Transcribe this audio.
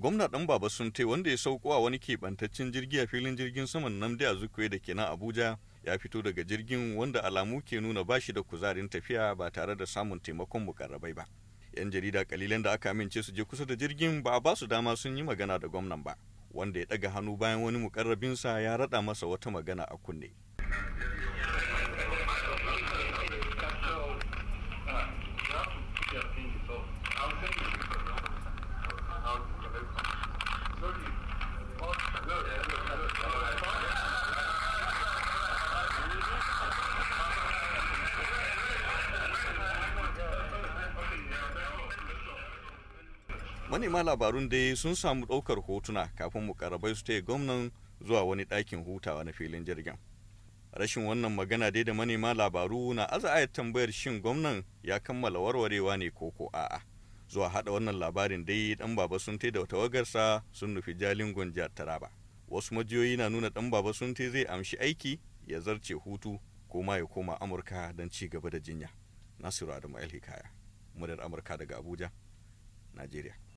gwamna ɗan baba sun tai wanda ya sauko a wani keɓantaccen jirgi a filin jirgin saman namdi a zukwe da ke nan abuja ya fito daga jirgin wanda alamu ke nuna ba shi da kuzarin tafiya ba tare da samun taimakon mukarrabai ba yan jarida kalilan da aka amince su je kusa da jirgin ba a ba su dama sun yi magana da gwamnan ba wanda ya ɗaga hannu bayan wani mukarrabinsa ya raɗa masa wata magana a kunne manema labarun dai sun samu ɗaukar hotuna kafin mukarabai su taya gwamnan zuwa wani ɗakin hutawa na filin jirgin rashin wannan magana dai da manema labaru na aza tambayar shin gwamnan ya kammala warwarewa ne ko ko a'a zuwa hada wannan labarin dai ɗan baba sun da tawagarsa sun nufi jalin jihar taraba wasu majiyoyi na nuna ɗan baba sun zai amshi aiki ya zarce hutu ko ma ya koma amurka don ci gaba da jinya nasiru adamu alhikaya muryar amurka daga abuja najeriya